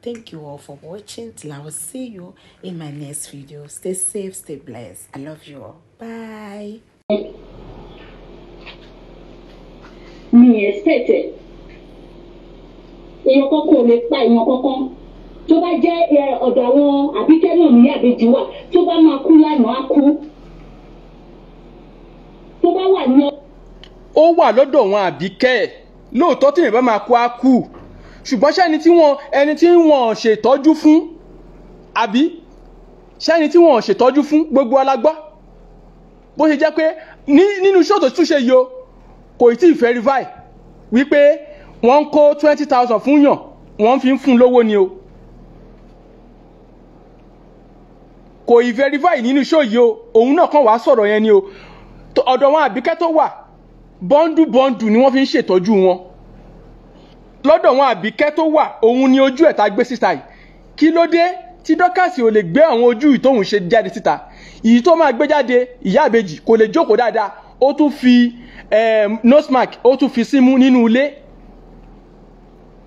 Thank you all for watching. Till I will see you in my next video. Stay safe, stay blessed. I love you all. Bye. mi expect ẹ èèyàn kankan ò lè pa èèyàn kankan tó bá jẹ́ ọ̀dọ̀ àwọn àbíkẹ́ náà ní àbejì wà tó bá máa kú lánàá á kú tó bá wà ní. ó wà lọ́dọ̀ wọn àbíkẹ́ lóòótọ́ tí èèyàn bá máa kú á kú ṣùgbọ́n ṣẹ́ni tí wọ́n ẹni tí wọ́n ṣètọ́jú fún àbí ṣẹ́ni tí wọ́n ṣètọ́jú fún gbogbo alágbọ́ bó ṣe jẹ́ pé nínú ṣọ́ọ̀tò túnṣe yìí o kò tí ì verify wípé wọ́n ń kó twenty thousand fún yàn wọ́n fi ń fún lówó ni o kò ì verify nínú ṣọ́ọ̀ yìí o òun náà kàn wá sọ̀rọ̀ yẹn ni o ọ̀dọ̀ wọn àbíkẹ́ tó wà bọ́ńdù bọ́ńdù ni wọ́n fi ń ṣètọ́jú wọn lọ́dọ̀ wọn àbíkẹ́ tó wà òun ni ojú ẹ̀ tá gbé síta yìí kí ló dé tí dọ́kàsì ò lè gbé àwọn ojú ìtòhùn ṣe jáde síta èyí tó máa gbé jáde ìyá àbèjì kò lè jókòó dáadáa ó tún fi ehm, nose mark ó tún fi símú nínú ilé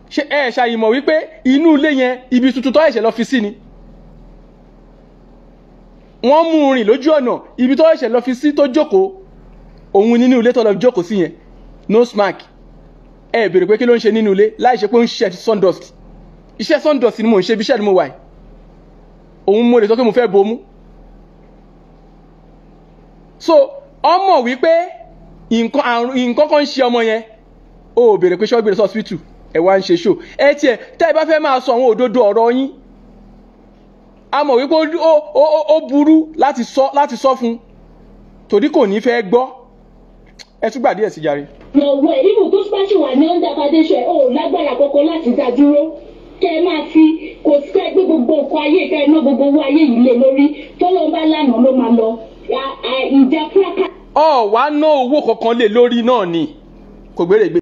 ṣe ẹ ṣàyìmọ̀ wípé inú ilé yẹn ibi tuntun tó ẹ̀ṣẹ̀ lọ fi sí ni wọ́n mú un rìn lójú ọ̀nà ibi tó ẹ̀ṣẹ̀ lọ fi sí tó jókòó òun nínú ilé tó lọ jókòó sí yẹn nose mark ẹ béèrè pé kí ló ń ṣe nínú ilé láì ṣe pé ó ń ṣiṣẹ́ sundust iṣẹ́ sundust ni mò ń ṣe bí iṣẹ́ ni mo wà yìí òun mo lè sọ pé mo fẹ́ bomú so ọmọ wípé nǹkan àrùn nǹkan kan ń ṣe ọmọ yẹn ó béèrè pé ṣọ́ọ́gbèrè sọ́ọ́sìpìtù ẹ̀ wá ń ṣe ṣò ẹ tiẹ̀ tẹ́ ẹ bá fẹ́ máa sọ àwọn òdodo ọ̀rọ̀ yín a mọ̀ wípé ó burú láti sọ fún torí kò ní fẹ́ gbọ́ ẹ tún gbà díẹ̀ sí jàre. lọ́wọ́ ìbò tó bá ṣì wà ní ọ́ndà fàdéṣọ ẹ̀ ò lágbára kankan láti dá dúró kẹ́ ẹ máa fi kò sí ẹ gbé gbogbo nǹkan ayé kẹ́ ẹ ná gbogbo owó ayé yìí lé lórí tọ́lọ́ bá lánàá ló máa lọ ìjà fúlákà. ọ wàá ná owó kankan lé lórí náà ni kò gbére gbé.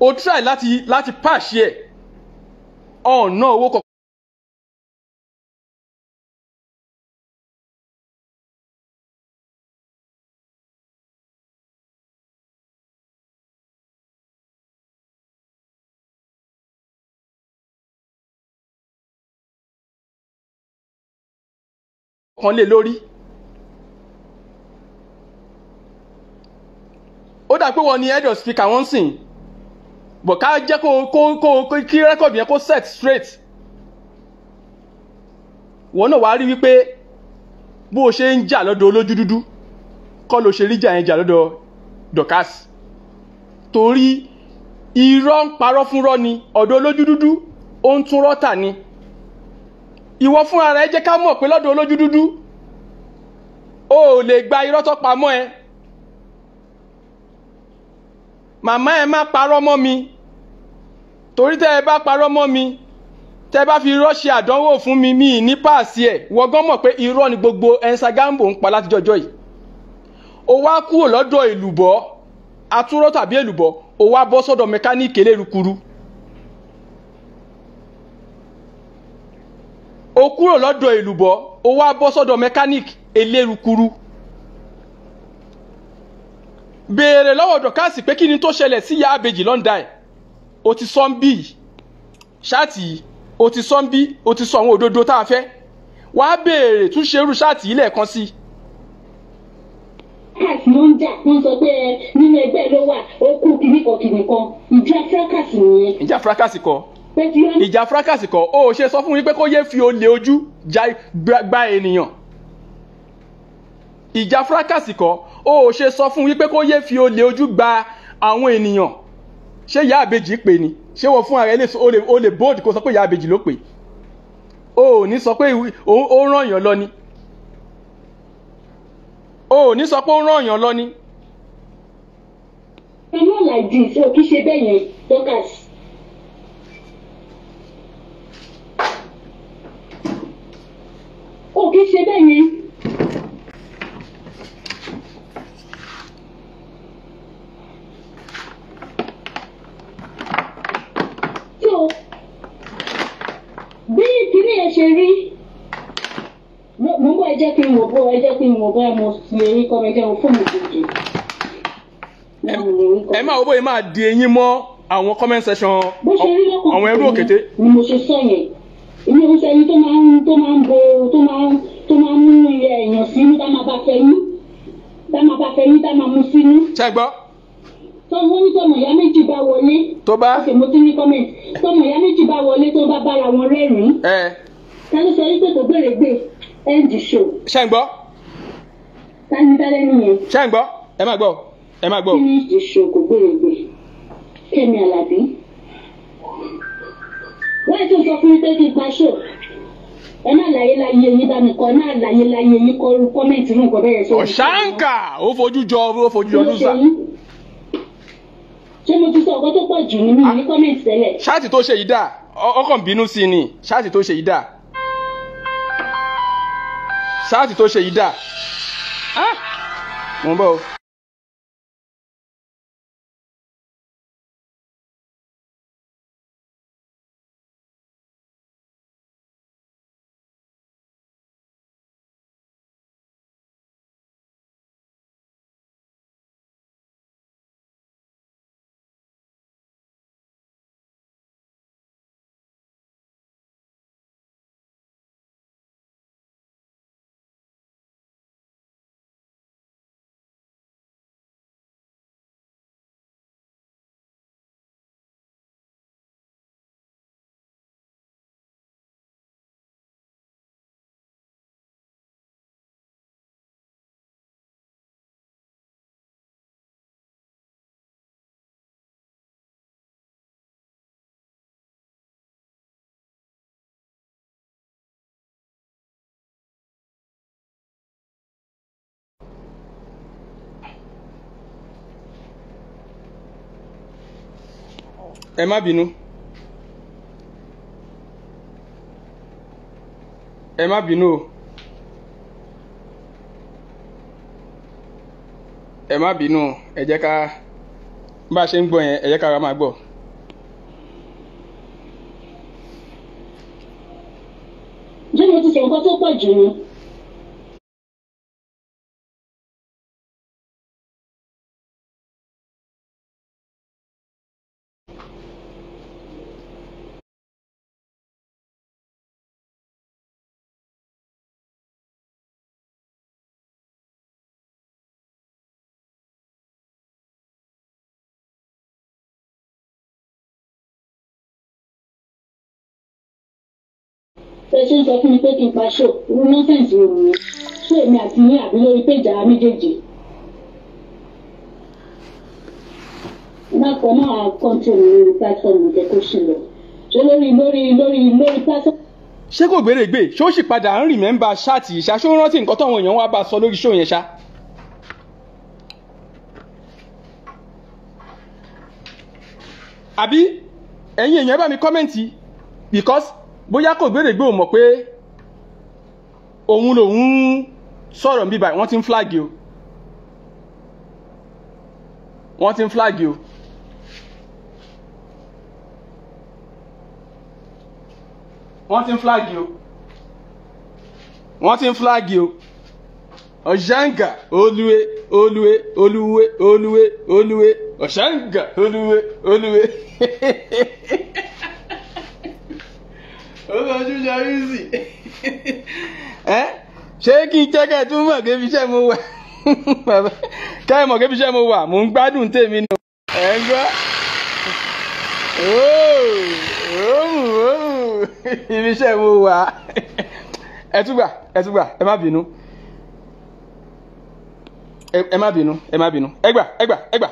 o try láti láti pàṣẹ ọ̀ ná owó kankan. kan lé lórí. ó dà pé wọ́n ní head of speaker wọ́n sìn bọ̀ ká jẹ́ kó kó kó kí rẹ́kọ̀dì yẹn kó set straight wọ́n náà wàá rí wípé bó o ṣe ń jà lọ́dọ̀ olójú dúdú kọ́ ló ṣe rí jà yẹn jà lọ́dọ̀ Dorkas torí irọ́ ń parọ́ fúnrọ́ ni ọ̀dọ̀ olójú dúdú ó ń tún rọ́tà ni ìwọ fúnra rẹ jẹ́ ká mọ̀ pé lọ́dọ̀ olójú dúdú o ò lè gba irọ́ tó pamọ́ ẹ màmá ẹ má parọ́ mọ́ mi torí tẹ́ ẹ bá parọ́ mọ́ mi tẹ́ bá fi irọ́ ṣe àdánwò fún mi mi ní páàsì ẹ̀ wọ́gán mọ̀ pé irọ́ ni gbogbo ẹnsa gámbò ń pa látijọ́ ọjọ́ yìí o wá kúrò lọ́dọ̀ èlùbọ́ atúrọ́ tàbí èlùbọ́ o wá bọ́ sọ́dọ̀ mẹkáníìkì elérukuru. o kúrò lọ́dọ̀ èlùbọ́ o wá bọ́ sọ́dọ̀ mechanic elérukuru béèrè lọ́wọ́ dọ̀kásì pé kí ni tó ṣẹlẹ̀ sí ìyá àbèjì lọ́ndà ẹ̀ o ti sọ ń bí ṣáàtì yìí o ti sọ ń bí o ti sọ àwọn òdodo tá a fẹ́ wàá béèrè tún ṣerú ṣáàtì yìí lẹ́ẹ̀kan sí i fracas ló ń jà wọn sọ pé nínú ẹgbẹ́ ló wà ó kú kìnnìkan kìnnìkan ìjà fracas nìyẹn. ìjà fracas kọ́ ìjà fracas kọ ó ṣe sọ fún mi pé kó yé fi olè ojú gba ènìyàn ìjà fracas kọ ó ṣe sọ fún wípé kó yé fi olè ojú gba àwọn ènìyàn ṣé ìyá àbèjì pè ní ṣé wọ́n fún ara ẹ o lè bold kó sọ pé ìyá àbèjì ló pè o ò ní sọ pé ó ràn yàn lọ ni o ò ní sọ pé ó ràn yàn lọ ni. inú ọ̀làjú ìṣe òkè ṣe bẹ́ẹ̀ yẹn Dorcas. kò kí ṣe bẹ́ẹ̀ yẹn. tó bí kinní yẹn ṣe rí mo ń bọ ẹ jẹ́ kí n mọ̀ bọ́ ẹ jẹ́ kí n mọ̀ bọ́ ẹ mo sì èyí kọ́ mi jẹ́ mo fún mi kejì. ẹ máa wo bóyá máa di eyín mọ́ àwọn comment section àwọn ẹrú òkété. ni mo ṣe sọ yẹn èmi ò ń sẹ́ni tó máa bo tó máa ń tó máa ń mú ilé èèyàn sínú tá máa bá fẹ́ yín tá máa bá fẹ́ yín tá máa mú sínú. ṣe gbọ́. tọ́wọ́ ní tọmọ ìyá méjì bá wọlé. tó bá ṣe ti ní comment tọmọ ìyá méjì bá wọlé tó bá bára wọn rẹ́rìn-ín. ẹ. ta ló sọ wípé kò gbèrè gbè end show. ni dálẹ́ nìyẹn. ṣe gbọ́ ẹ má gbọ́ ẹ má finish the show kò gbèrè gbè Kẹ́mi Àlàbí. wọ́n tún sọ fún pé kí n pa ẹ náà láyé láyé yín bá mi kọ ẹ láyé láyé kọ bẹ́ẹ̀ sọ. ọ̀ṣánkà ó fojú jọ ó fojú jọ lùsà. ṣé mo ti sọ ọkọ tó pọ̀ jù nínú ní tẹ́lẹ̀. ṣáàtì tó ṣe yìí dà ọkàn bínú sí ni ṣáàtì tó ṣe yìí dà ẹ má bínú ẹ má bínú o ẹ má bínú ẹ jẹ́ ká bá a ṣe ń gbọ́ yẹn ẹ jẹ́ ká ra máa gbọ́. jẹ́nu ti ṣe nǹkan tó pọ̀ jù ni. bẹ́ẹ̀ ṣe ń sọ fún mi pé kí n pa ṣó irú nọ́sẹ̀nsì wo nìyẹn ṣó èmi àti yín àbí lórí péjà méjèèjì. bákan náà a kọ́ńtò mi lórí pátọ́ọ̀mù jẹ́ kó ṣì lọ ṣé lórí lórí lórí lórí pátọ́ọ̀mù. ṣé kò gbèrègbè ṣó sì padà ń rìmẹ́ńbà ṣáàtì ìṣá ṣó rántí nǹkan táwọn èèyàn wá bá sọ lórí ṣó yẹn ṣá. àbí ẹ̀yin èèyàn bá mi kọ́mẹ́ǹtì because bóyá kò gbèrègbè ò mọ̀ pé òun lòun sọ̀rọ̀ bíbà wọ́n ti ń flag o wọ́n ti ń flag o. wọ́n ti ń flag o wọ́n ti ń flag o ọ̀ṣáǹgà olúwe olúwe olúwe olúwe olúwe ọ̀ṣáǹgà olúwe olúwe. ó fojú jọ yúùsì ẹ ṣé kí n jẹ́ kẹ́ ẹ tún mọ̀ kébi iṣẹ́ mo wà kẹ́ ẹ mọ̀ kébi iṣẹ́ mo wà mò ń gbádùn tèmi nù ẹ̀ ń gbọ́ ibi iṣẹ́ mo wà ẹ tún gbà ẹ tún gbà ẹ má bínú ẹ má bínú ẹ má bínú ẹ gbà ẹ gbà ẹ gbà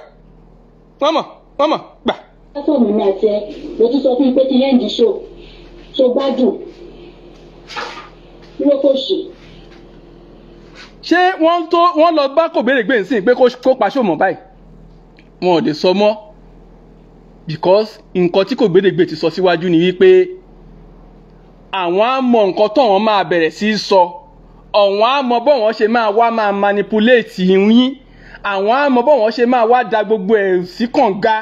wọ́n mọ̀ wọ́n mọ̀ gbà. ẹ sọ mi náà tẹ mo tún sọ fún pé kí yẹn di ṣó tó gbádùn dúró kò ṣe. ṣé wọ́n tó wọ́n lọ bá kò béèrè gbèǹsì pé kó paṣọ mọ̀ báyìí wọn ò lè sọ mọ́ because nǹkan tí kò gbédègbè ti sọ síwájú ni wípé àwọn á mọ nǹkan tó wọn máa bẹ̀rẹ̀ sí í sọ ọ̀wọ́n á mọ bọ́ wọn ṣe máa wá máa manipulate yín àwọn á mọ bọ́ wọn ṣe máa wá da gbogbo ẹ̀ sí kànga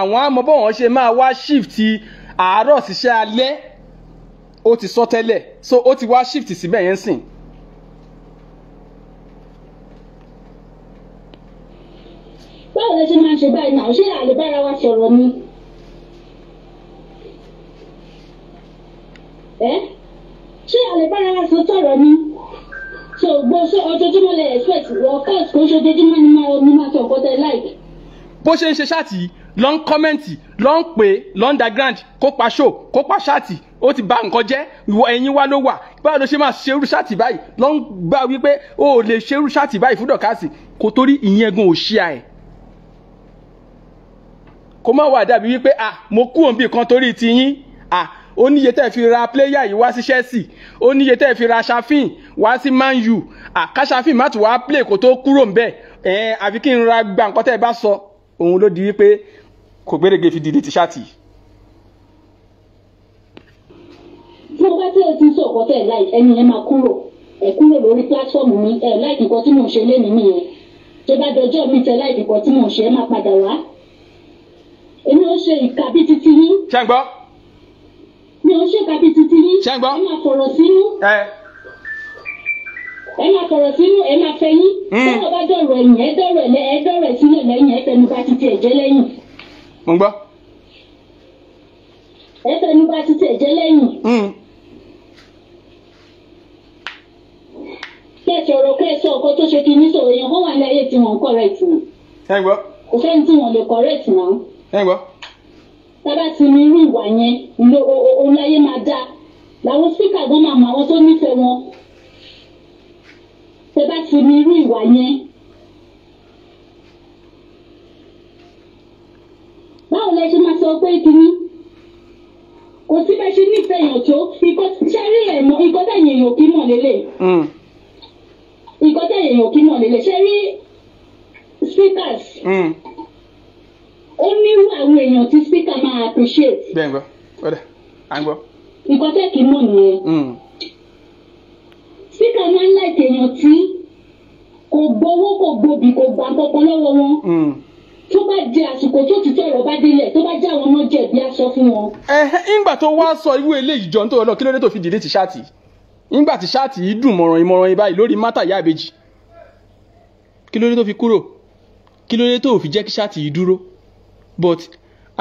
àwọn á mọ bọ́ wọn ṣe máa wá shift àárọ̀ síṣẹ́ alẹ́ ó ti sọ tẹ́lẹ̀ so ó ti wá shift síbẹ̀ yẹn sìn. báwo lẹ ṣe máa ń ṣe báyìí náà ṣé àlùbára wa sọ̀rọ̀ ni. ẹ ṣé àlùbára wa sọ sọ̀rọ̀ ni. so gbọ́ sọ ojoojúmọ́ lè expect wọ́n kọ́ọ̀sì kó ṣojoojúmọ́ ni máa ní máa sọ nǹkan tẹ láì. bó ṣe ń ṣe ṣáàtì lọ ń kọ́mẹ́ǹtì lọ ń pè lọ ń da grand kó pa ṣó kó pa ṣáàtì ó ti ba nǹkan jẹ́ ìwọ ẹ̀yìn wa ló wà báwo ló ṣe máa ṣerú ṣáàtì báyìí lọ́n gbà wípé o ò lè ṣerú ṣáàtì báyìí fún dọ̀kásì kò torí ìyẹn gan ò ṣí à ẹ̀ kó má wà dàbí wípé ah mo kú òǹbí kan torí ti yín ah ó níye tẹ́ fi ra pléyà yìí wá sí Chelsea ó níye tẹ́ fi ra ṣàfihàn wá sí Man U ah ká ṣàfihàn má tún wá play kó tó kúrò ń bẹ̀ ẹ̀ àfi kí n ra gba nǹkan tẹ́ ẹ bá sọ òun ló di wípé kò gbèrègè fi dìde ti yìí. tẹ́ ẹ ti sọ ọ̀kọ́ tẹ́ ẹ láì ẹni yẹn máa kúrò ẹ kúrò lórí pílátọ́ọ̀mù mi ẹ láì nǹkan tí mò ń ṣe lénìí nìyẹn tó bá dọjọ́ mi tẹ láì nǹkan tí mò ń ṣe ẹ máa padà wá èmi ò ṣe ìka bíi titi yín. ṣé ń gbọ́. mi ò ṣe ìka bíi titi yín. ṣé ń gbọ́. ẹ máa fọ̀rọ̀ sínú. ẹ ẹ máa fọ̀rọ̀ sínú ẹ máa fẹ́ yín. Hmm. tọ́wọ́ bá dọ̀rọ̀ ẹ̀yìn ẹ dọ̀rọ̀ ẹ̀ ẹ dọ̀rọ̀ ẹ̀ sílẹ̀ lẹ́yìn ẹ tẹnu bá titi ẹ̀jẹ̀ lẹ́yìn. mo ń gbọ́. ẹ tẹnu bá titi ẹ̀jẹ̀ lẹ́yìn. Hmm. kẹsì ọ̀rọ̀ kẹsì ọkọ tó ṣe kìíní sọ̀rọ̀ yẹn wọn wà ní ayé tí wọn correct ni. ẹ gbọ́. kò sẹ́ni tí wọn lè correct náà. ẹ gbọ́. tábà ti ní irú ìwà yẹn ló òun láyé máa dáa làwọn spíkà gan máa mọ àwọn tó nífẹ̀ẹ́ wọn. tábà ti ní irú ìwà yẹn. báwo lẹ ṣe máa sọ pé kìíní kò sí bẹ́ẹ̀ ṣe nífẹ̀ẹ́ èèyàn tó ìkọ́ṣẹ́rí ẹ̀mọ́ ìkọ́ṣẹ́yìn èèyàn kì í mọ̀ lélẹ̀. Hmm nǹkan tẹ̀ èèyàn kí mọ̀ nílẹ̀ ṣe rí speakers. Hmm. ó ní àwọn èèyàn tí speaker máa appreciate. bẹ́ẹ̀ gbọ́ ọ̀dà à ń gbọ́. nǹkan tẹ̀ kí mọ̀ nìyẹn. Hmm. speaker máa ń láìpẹ́ èèyàn tí kò gbowó kò gbòbí kò gbà kankan lọ́wọ́ wọn. Hmm. tó bá di àsìkò tó ti tó ọ̀rọ̀ bá délẹ̀ tó bá já àwọn ọmọ jẹ̀bi aṣọ fún wọn. ẹ̀hẹ́n ìgbà tó wá sọ irú eléyìí jọ nítorí ọlọ́ kí ló dé tó fi dìde ti ṣáàtì nígbà tí ṣáàtì yìí dùn mọ̀ràn ìmọ̀ràn yìí báyìí lórí mátà ìyá àbèjì kí ló dé tó fi kúrò kí ló dé tó fi jẹ́ kí ṣáàtì yìí dúró but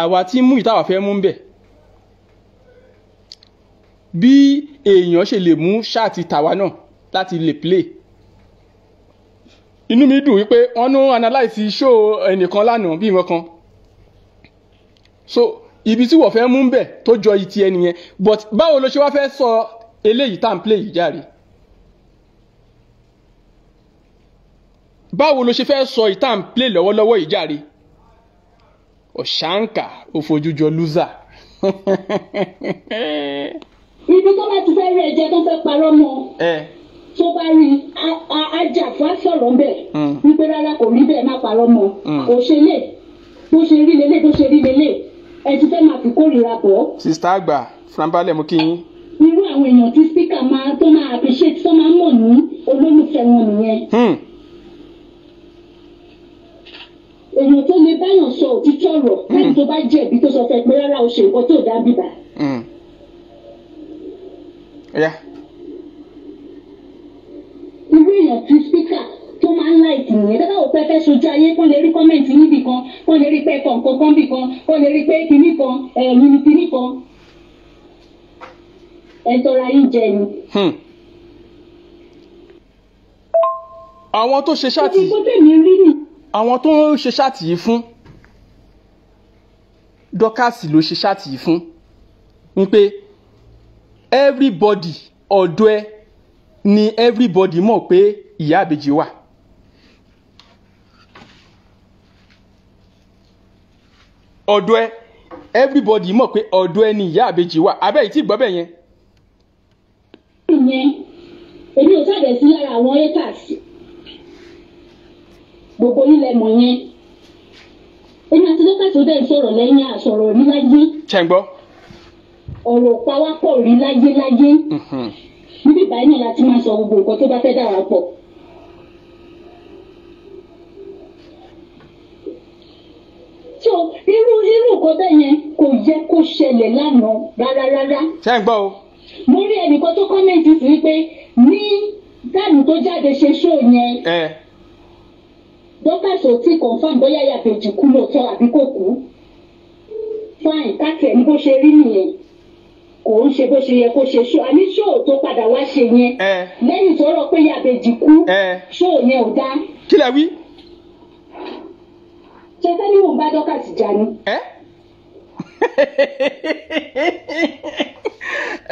àwa tí mú ìtawà fẹ́ mú ń bẹ̀ bí èèyàn ṣe lè mú ṣáàtì tàwa náà láti lè play inú mi dùn wípé wọ́n ń analyse show ẹnìkan lánàá bí wọn kan so ibi tí wọ́n fẹ́ mú ń bẹ̀ tó jọ ìtì ẹnìyẹn but báwo ló ṣe wá fẹ́ sọ eléyìí tá à ń play yìí járe báwo ló ṣe fẹ́ sọ yìí tá à ń play lọ́wọ́lọ́wọ́ yìí járe ọ̀ṣánkà ó fojújọ lúzà. ibi tó bá ti fẹ́ rí ẹ̀jẹ̀ tó fẹ́ parọ́ mọ́ tó bá rí ajá fún àṣọ̀rọ̀ bẹ́ẹ̀ hmm. wípé rárá kò rí bẹ́ẹ̀ má parọ́ mọ́ hmm. kò ṣe lè bó ṣe rí lélẹ̀ bó ṣe rí lélẹ̀ ẹ ti fẹ́ máa fi kórìíra pọ̀. sista àgbà fúnra mú kí yín irú àwọn èèyàn tí spíkà máa tó máa appreciate tó máa mọ̀ ní olólùfẹ́ wọn nìyẹn. Hmm. èèyàn tó lè báyàn sọ òtítọ́ rọ̀ lẹ́yìn hmm. tó bá jẹ̀bi tó sọ fẹ́ pé rárá o ṣe nǹkan tó dá bíbá. Hmm. irú èèyàn tí spíkà tó máa ń láìkì nìyẹn dábàá ò pẹ́ sojú ayé kán lè rí kọ́mẹ̀ntì níbì kan lè rí pé kan bì kan lè rí pé kinní kan ẹ̀yìn kinní kan ẹ tọra yín jẹ ni. Hmm. àwọn tó ṣe ṣáàtì àwọn tó ń ṣe ṣáàtì yìí fún dọ́kàsì ló ṣe ṣáàtì yìí fún ni pé everybody ọ̀dọ́ ẹ ni everybody mọ̀ pé ìyá àbèjì wà. ọ̀dọ́ ẹ everybody mọ̀ pé ọ̀dọ́ ẹ ni ìyá àbèjì wà abẹ́ ìtì gbọ́ bẹ́ẹ̀ yẹn ìyẹn èmi ò sábẹ̀ sí lára àwọn haters gbogbo ilẹ̀ mọ̀ yẹn èmi àti dókítà tó dẹ̀ sọ̀rọ̀ lẹ́yìn àsọ̀rọ̀ rí láyé. ṣe ń gbọ́. ọ̀rọ̀ pawápọ̀ rí láyé láyé. Mhm. níbi ìbáyìí náà láti máa sọ gbogbo nǹkan tó bá fẹ́ dà wá pọ̀. so irú irú nǹkan bẹ́ẹ̀ yẹn kò yẹ kó ṣẹlẹ̀ lánàá rárá rárá. ṣe ń gbọ́ o mo rí ẹnìkan tó kọ́mẹ̀ntì sí pé ní táàmù tó jáde ṣe ṣó yẹn dókítà ò tí confam bóyá yàbẹ̀jì kú lóòótọ́ àbí kò kú fine káàkiri ẹni bó ṣe rí nìyẹn kò ń ṣe bó ṣe yẹ kó ṣe ṣó àní ṣó tó padà wá ṣe yẹn lẹ́yìn tó rọ pé yàbẹ̀jì kú ṣó yẹn ò dá. kí lẹ wí. ṣe fẹ́ ní òun bá dókítà jà ni. Eh?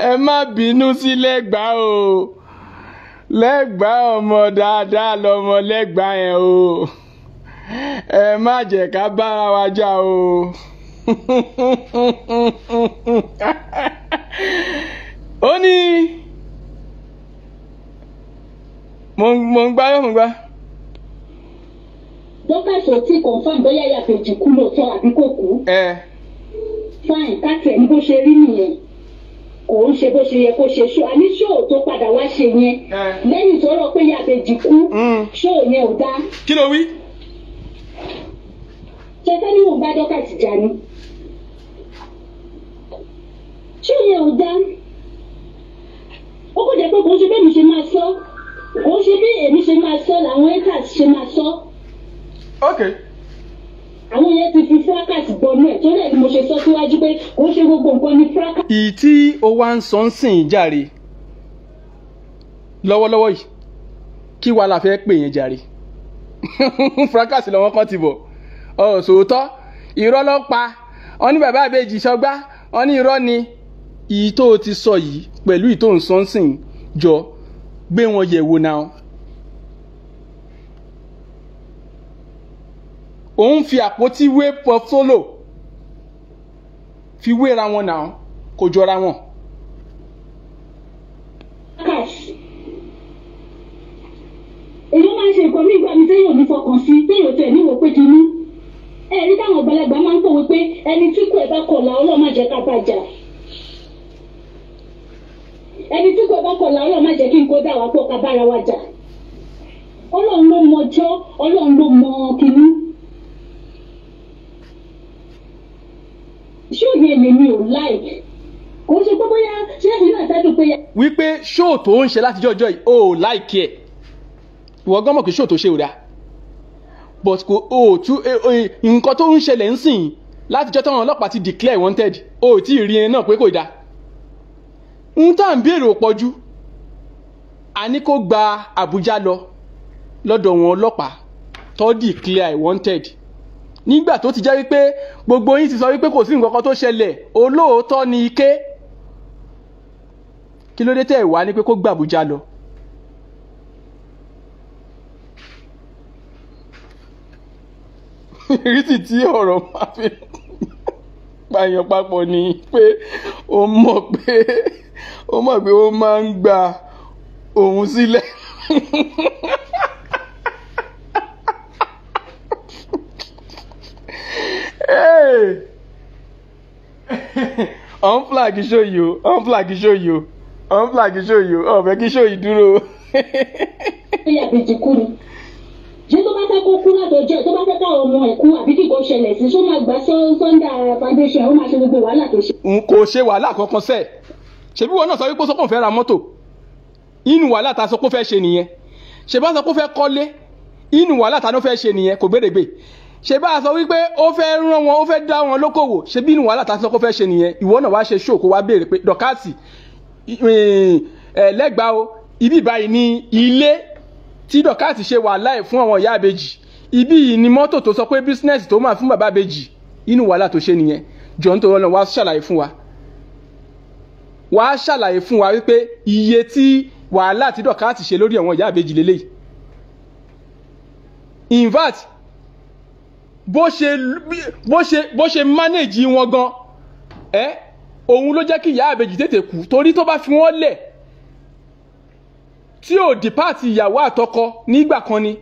ẹ má bínú sí lẹ́gbàá o lẹ́gbàá ọmọ dáadáa lọmọ lẹ́gbàá yẹn o ẹ má jẹ́ ká bára wa jà o ó ní mo ń gbá yóò mo ń gbá wọ́n bá sọ tí confam bóyá yàtọ̀ jù kú lóòótọ́ àbí kú fine káàkiri ẹni bó ṣe rí nìyẹn kò ń ṣe bó ṣe yẹ kó ṣe ṣó àní ṣóò tó padà wá ṣe yẹn lẹ́yìn tó rọ pé yàbẹ̀jì kú mm. ṣóò yẹn ò dá. kí ló wí. ṣé fẹ́ni mò ń bá dọ́kà tìjà ni ṣóò yẹn ò dá ó kò jẹ́ pé kò ń ṣe bẹ́ẹ̀ mi ṣe máa sọ kò ń ṣe bí èmi ṣe máa sọ làwọn haters ṣe máa sọ. okay àwọn yẹn ti fi fracas gbọnú ẹ̀ torí ẹ̀ ni mo ṣe sọ síwájú pé kò ṣe gbogbo nǹkan ní fracas. ìyí tí o wá ń sọ ń sìn jàre lọ́wọ́lọ́wọ́ yìí kí wàá la fẹ́ pè yẹn jàre fracas lọ́wọ́ kan ti bọ̀ ọ̀ sòótọ́ irọ́ ló pa wọ́n ní bàbá àbẹ́jì sọgbá wọ́n ní irọ́ ni ìyí tó o ti sọ yìí pẹ̀lú ìtòǹsọ́nsìn jọ gbé wọn yẹ̀wò náà òun fi àpótí wé pọfólò fi wéra wọn náà kò jọra wọn. èmi máa ń ṣe nǹkan ní mi téèyàn ní fọkàn sí téèyàn tẹ̀ níwò pé kínní ẹ̀rí táwọn àgbàlagbà máa ń pòwe pé ẹni tí kò ẹ̀ bá kọ̀ làwọn ọlọ́ọ̀ má jẹ́ ká bá jà n pọ̀ ká bára wa jà ọlọ́run ló ọlọ́run ṣóòyẹ lèmi ò láì kò ṣe pé bóyá ṣé èmi náà dájú pé. wípé ṣóò tó ń ṣe látijọ́ ọjọ́ yìí ò láìkí ẹ̀ ìwọ gán mọ̀ pé ṣóò tó ṣe ò dáa but kò ò tú e, e, nǹkan tó ń ṣẹlẹ̀ ń sìn látijọ́ táwọn ọlọ́pàá ti declare wanted ò tí ì rí ẹ náà pé kò dáa ń tá à ń béèrè ò pọ̀jù àní kó gba Àbújá lọ lọ́dọ̀ wọn ọlọ́pàá tó declare wanted nígbà tó ti jẹ́ wípé gbogbo yín ti sọ wípé kò sí nǹkan kan tó ṣẹlẹ̀ olóòótọ́ ni ike kí ló dé tẹ́ ẹ̀ wá ní pé kó gba Àbújá lọ. ìrísí tí ọ̀rọ̀ máa fi pààyàn papọ̀ ni pé ó mọ̀ pé ó mọ̀ pé ó máa ń gba òun sílẹ̀. unplug show you unflag show you unplug show you ọ̀fẹ́ oh, kí show you. dúró. ilé àgbẹ̀ ti kú ni ṣé tó bá fẹ́ kó kú látọjọ́ tó bá fẹ́ káwọn ọmọ ẹ̀ kú àbí kíkọ́ ṣẹlẹ̀ sí ṣó máa gbà sọ́ńdà foundation ó máa ṣe gbogbo wàhálà tó ṣe. n kò ṣe wàhálà kankan sẹ́ẹ̀ ṣebí wọn náà sọ wípé sọ́kàn fẹ́ ra mọ́tò inú wàhálà ta sọ pé ó fẹ́ ṣe nìyẹn ṣèbá sọ pé ó inú wàhálà ta ló fẹ́ ṣe nìyẹn kò gbèrègbè ṣe bá a sọ wípé ó fẹ́ rán wọn ó fẹ́ dá wọn lókòwò ṣe bí inú wàhálà tá a sọ kó fẹ́ ṣe nìyẹn ìwọ náà wá ṣe ṣó wá béèrè pé dọ̀kásì lẹ́gbàá o ibi báyìí ni ilé tí dọ̀kásì ṣe wàhálà ẹ̀ fún àwọn ìyá àbejì ibi yìí ni mọ́tò tó sọ pé bísínẹ́sì tó máa fún bàbá àbejì inú wàhálà tó ṣe nìyẹn jọ̀ọ́ nítorí ọlọ́run wá ṣàlàyé fún wa wá ṣàlàyé fún wa wípé iye tí wàhálà tí dọ̀kásì ṣe lórí àwọn ìyá àbejì lélẹ́yìí in fact bó ṣe bó ṣe bó ṣe manage wọn gan ẹ òun ló jẹ́ kí ìyá àbèjì tètè kú torí tó bá fi wọ́n lẹ̀ tí ò dìpáàtì ìyàwó àtọkọ nígbà kan ni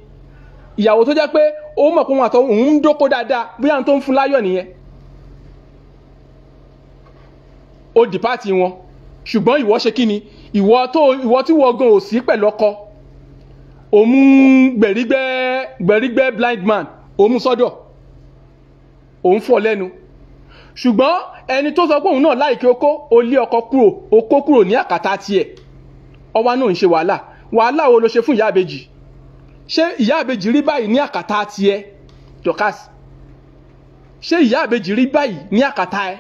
ìyàwó tó jẹ́ pé ó mọ̀ pé òun àtọ òun ń dóko dáadáa bóyá tó ń fún láyọ̀ nìyẹn ó dìpáàtì wọn ṣùgbọ́n ìwọ ṣe kí ni ìwọ tó ìwọ tí wọ́n gan ò sí pẹ̀lú ọkọ òun gbẹ̀rígbẹ́ gbẹ̀rígbẹ́ blind man òun sọ́dọ̀. So òun fọ́ lẹ́nu ṣùgbọ́n ẹni tó sọ pé òun náà láìkí okó ó lé ọkọ kúrò okó kúrò ní àkàtà tiẹ̀ ọwá náà ń ṣe wàhálà wàhálà wo ló ṣe fún ìyá àbejì ṣé ìyá àbejì rí báyìí ní àkàtà tiẹ̀ Dorkas ṣé ìyá àbejì rí báyìí ní àkàtà ẹ.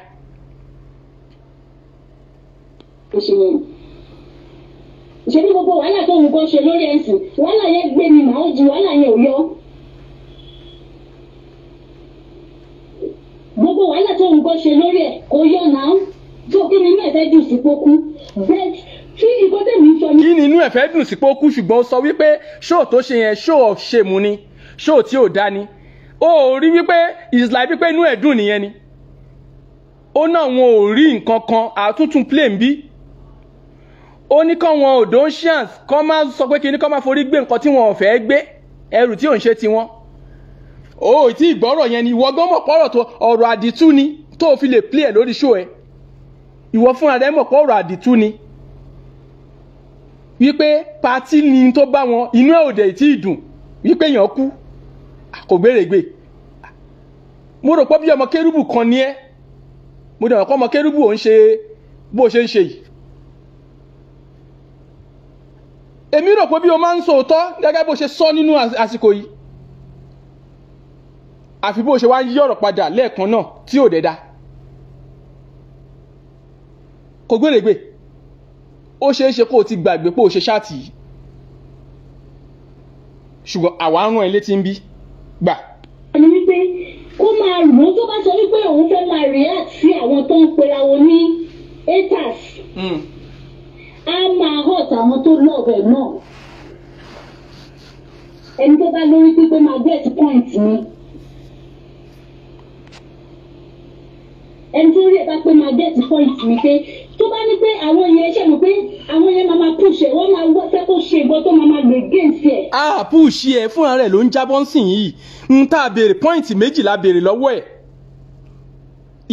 ṣe ní gbogbo wàhálà tó ń gbọ́ ṣe lórí ẹ̀sìn wàhálà yẹn gbé mi màá ju wàhálà yẹn ò yọ. gbogbo wàhálà tó ń gbọ́ ṣe lórí ẹ̀ kò yọ náà tó kí ni inú ẹ̀ fẹ́ dùn sí pokú bẹ́ẹ̀ tí ìbọn tẹ̀mí sọ ni. kí ni inú ẹ̀ fẹ́ dùn sí pokú ṣùgbọ́n ó sọ wípé ṣóò tó ṣe yẹn ṣóò ṣe mu ni ṣóò tí ò dá ni ó rí wípé ìsìlá wípé inú ẹ̀ dùn nìyẹn ni ó náà wọn ò rí nǹkan kan àtúntún plane bí ó ní kán wọn ò dóńṣíàns kán máa sọ pé kí ni kán máa forí gbé nǹkan tí wọn ò fẹ́ gbé ẹrù tí ò ń ṣe tiwọn o ì tí ìgbọ́rọ̀ yẹn ni ìwọ gan mọ̀ pọ̀rọ̀ tó ọ̀rọ̀ àdìtú ni tó o fi lè play ẹ̀ lórí show ẹ̀ ìwọ fúnra rẹ mọ̀ pọ̀rọ̀ àdìtú ni wípé patí ni tó bá wọn inú ẹ̀ ò dẹ̀ tí ì dùn wípé èèyàn kú kò gbèrègbè mo rò pé bí ọmọ kérúbù kan ni ẹ́ mo dẹ̀ mọ̀ pé ọmọ kérúbù ò ń ṣe bó ṣe ń ṣe yìí èmi rò pé bí o máa ń sọ òótọ́ gẹ́gẹ́ bó ṣe sọ nínú àsìkò yìí àfi bó ṣe wá ń yí ọ̀rọ̀ padà lẹ́ẹ̀kan náà tí ò dẹ́da kò gbèrègbè ó ṣeé ṣe kó o ti gbàgbé pé o ṣe ṣáàtì yìí ṣùgbọ́n àwa ń rán ẹ létí ń bí gbà. àná wípé kó máa rùn tó bá sọ wípé òun fẹ́ máa react sí àwọn tó ń pera wọn ní haters á hmm. máa hot àwọn tó lọ́ọ̀bẹ̀ náà ẹni tó bá lórí pípé máa get point ni. ẹni tí orí ẹ̀ pé máa get point mi pé tó bá ní pé àwọn yẹn ṣe mọ̀ pé àwọn yẹn máa máa push ẹ̀ wọ́n máa wọ́ fẹ́ kó ṣe ìbọn tó máa máa lè against ẹ̀. a push ẹ fúnra rẹ̀ ló ń jábọ́ ń sìn yìí ń tá a béèrè point méjì béèrè lọ́wọ́ ẹ̀